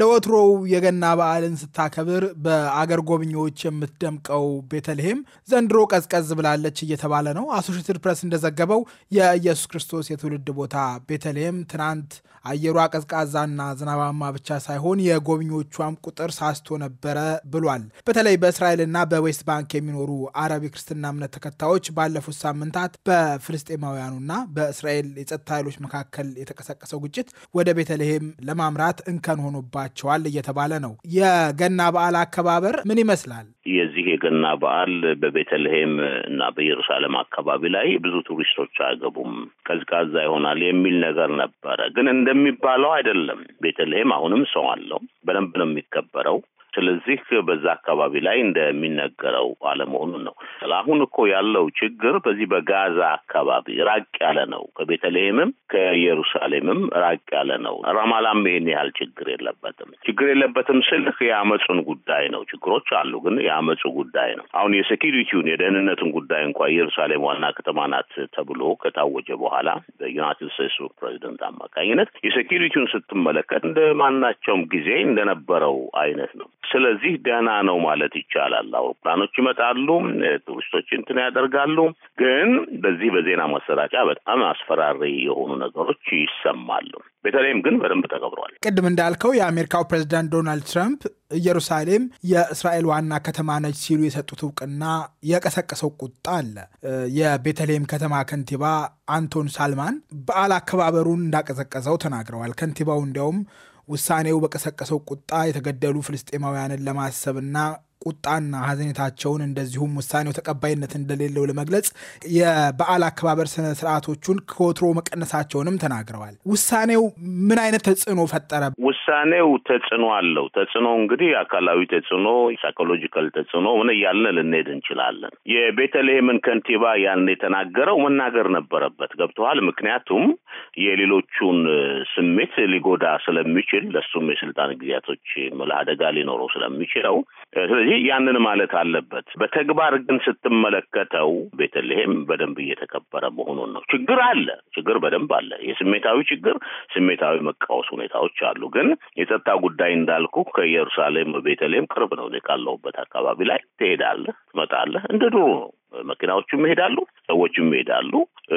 ለወትሮው የገና በዓልን ስታከብር በአገር ጎብኚዎች የምትደምቀው ቤተልሔም ዘንድሮ ቀዝቀዝ ብላለች እየተባለ ነው። አሶሽትድ ፕሬስ እንደዘገበው የኢየሱስ ክርስቶስ የትውልድ ቦታ ቤተልሔም ትናንት አየሯ ቀዝቃዛና ዝናባማ ብቻ ሳይሆን የጎብኚዎቿም ቁጥር ሳስቶ ነበረ ብሏል። በተለይ በእስራኤልና በዌስት ባንክ የሚኖሩ አረብ የክርስትና እምነት ተከታዮች ባለፉት ሳምንታት በፍልስጤማውያኑና በእስራኤል የጸጥታ ኃይሎች መካከል የተቀሰቀሰው ግጭት ወደ ቤተልሔም ለማምራት እንከን ሆኖባል ይኖራቸዋል እየተባለ ነው። የገና በዓል አከባበር ምን ይመስላል? የዚህ የገና በዓል በቤተልሔም እና በኢየሩሳሌም አካባቢ ላይ ብዙ ቱሪስቶች አይገቡም፣ ቀዝቃዛ ይሆናል የሚል ነገር ነበረ። ግን እንደሚባለው አይደለም። ቤተልሔም አሁንም ሰው አለው። በደንብ ነው የሚከበረው። ስለዚህ በዛ አካባቢ ላይ እንደሚነገረው አለመሆኑን ነው። አሁን እኮ ያለው ችግር በዚህ በጋዛ አካባቢ ራቅ ያለ ነው። ከቤተልሔምም ከኢየሩሳሌምም ራቅ ያለ ነው። ረማላም ይህን ያህል ችግር የለበትም። ችግር የለበትም ስልህ የአመፁን ጉዳይ ነው። ችግሮች አሉ፣ ግን የአመፁ ጉዳይ ነው። አሁን የሴኪሪቲውን የደህንነትን ጉዳይ እንኳ ኢየሩሳሌም ዋና ከተማ ናት ተብሎ ከታወጀ በኋላ በዩናይትድ ስቴትሱ ፕሬዚደንት አማካኝነት የሴኪሪቲውን ስትመለከት እንደ ማናቸውም ጊዜ እንደነበረው አይነት ነው። ስለዚህ ደህና ነው ማለት ይቻላል። አውሮፕላኖች ይመጣሉ፣ ቱሪስቶች እንትን ያደርጋሉ። ግን በዚህ በዜና ማሰራጫ በጣም አስፈራሪ የሆኑ ነገሮች ይሰማሉ። በተለይም ግን በደንብ ተከብሯል። ቅድም እንዳልከው የአሜሪካው ፕሬዚዳንት ዶናልድ ትራምፕ ኢየሩሳሌም የእስራኤል ዋና ከተማ ነች ሲሉ የሰጡት እውቅና የቀሰቀሰው ቁጣ አለ። የቤተልሔም ከተማ ከንቲባ አንቶን ሳልማን በዓል አከባበሩን እንዳቀዘቀዘው ተናግረዋል። ከንቲባው እንዲያውም ውሳኔው በቀሰቀሰው ቁጣ የተገደሉ ፍልስጤማውያንን ለማሰብና ቁጣና ሀዘኔታቸውን እንደዚሁም ውሳኔው ተቀባይነት እንደሌለው ለመግለጽ የበዓል አከባበር ስነ ስርዓቶቹን ከወትሮ መቀነሳቸውንም ተናግረዋል። ውሳኔው ምን አይነት ተጽዕኖ ፈጠረ? ውሳኔው ተጽዕኖ አለው። ተጽዕኖ እንግዲህ አካላዊ ተጽዕኖ፣ ሳይኮሎጂካል ተጽዕኖ ምን እያልን ልንሄድ እንችላለን። የቤተልሔምን ከንቲባ ያን የተናገረው መናገር ነበረበት። ገብተዋል። ምክንያቱም የሌሎቹን ስሜት ሊጎዳ ስለሚችል ለሱም የስልጣን ጊዜያቶች አደጋ ሊኖረው ስለሚችለው ስለዚህ ያንን ማለት አለበት። በተግባር ግን ስትመለከተው ቤተልሔም በደንብ እየተከበረ መሆኑን ነው። ችግር አለ፣ ችግር በደንብ አለ። የስሜታዊ ችግር፣ ስሜታዊ መቃወስ ሁኔታዎች አሉ። ግን የጸጥታ ጉዳይ እንዳልኩ ከኢየሩሳሌም ቤተልሔም ቅርብ ነው። ካለሁበት አካባቢ ላይ ትሄዳለህ፣ ትመጣለህ። እንደ ድሮ ነው። መኪናዎቹም ይሄዳሉ፣ ሰዎቹም ይሄዳሉ።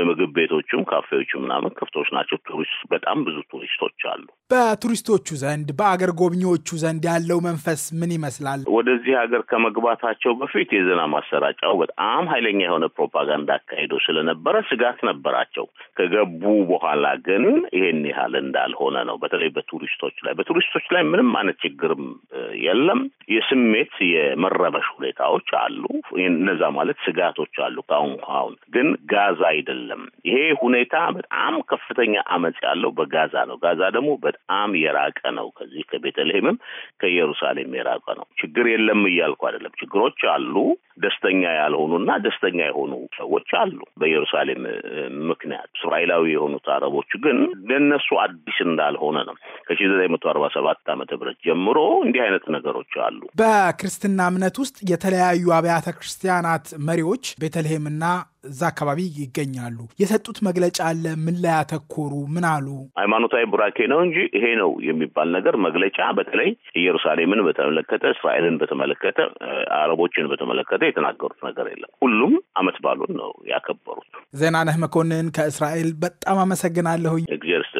ምግብ ቤቶቹም ካፌዎቹ ምናምን ክፍቶች ናቸው። ቱሪስት በጣም ብዙ ቱሪስቶች አሉ። በቱሪስቶቹ ዘንድ በአገር ጎብኚዎቹ ዘንድ ያለው መንፈስ ምን ይመስላል? ወደዚህ ሀገር ከመግባታቸው በፊት የዜና ማሰራጫው በጣም ኃይለኛ የሆነ ፕሮፓጋንዳ አካሂዶ ስለነበረ ስጋት ነበራቸው። ከገቡ በኋላ ግን ይሄን ያህል እንዳልሆነ ነው። በተለይ በቱሪስቶች ላይ በቱሪስቶች ላይ ምንም አይነት ችግርም የለም። የስሜት የመረበሽ ሁኔታዎች አሉ። እነዛ ማለት ስጋቶች አሉ። ከአሁን አሁን ግን ጋዝ አይደለም አይደለም። ይሄ ሁኔታ በጣም ከፍተኛ አመፅ ያለው በጋዛ ነው። ጋዛ ደግሞ በጣም የራቀ ነው። ከዚህ ከቤተልሔምም ከኢየሩሳሌም የራቀ ነው። ችግር የለም እያልኩ አይደለም። ችግሮች አሉ። ደስተኛ ያልሆኑና ደስተኛ የሆኑ ሰዎች አሉ በኢየሩሳሌም ምክንያት። እስራኤላዊ የሆኑት አረቦች ግን ለነሱ አዲስ እንዳልሆነ ነው። ከሺ ዘጠኝ መቶ አርባ ሰባት ዓመተ ምህረት ጀምሮ እንዲህ አይነት ነገሮች አሉ። በክርስትና እምነት ውስጥ የተለያዩ አብያተ ክርስቲያናት መሪዎች ቤተልሔምና እዛ አካባቢ ይገኛሉ። የሰጡት መግለጫ አለ? ምን ላይ ያተኮሩ? ምን አሉ? ሃይማኖታዊ ቡራኬ ነው እንጂ ይሄ ነው የሚባል ነገር መግለጫ በተለይ ኢየሩሳሌምን በተመለከተ እስራኤልን በተመለከተ አረቦችን በተመለከተ የተናገሩት ነገር የለም። ሁሉም አመት ባሉን ነው ያከበሩት። ዜናነህ መኮንን ከእስራኤል በጣም አመሰግናለሁኝ። እግዚአብሔር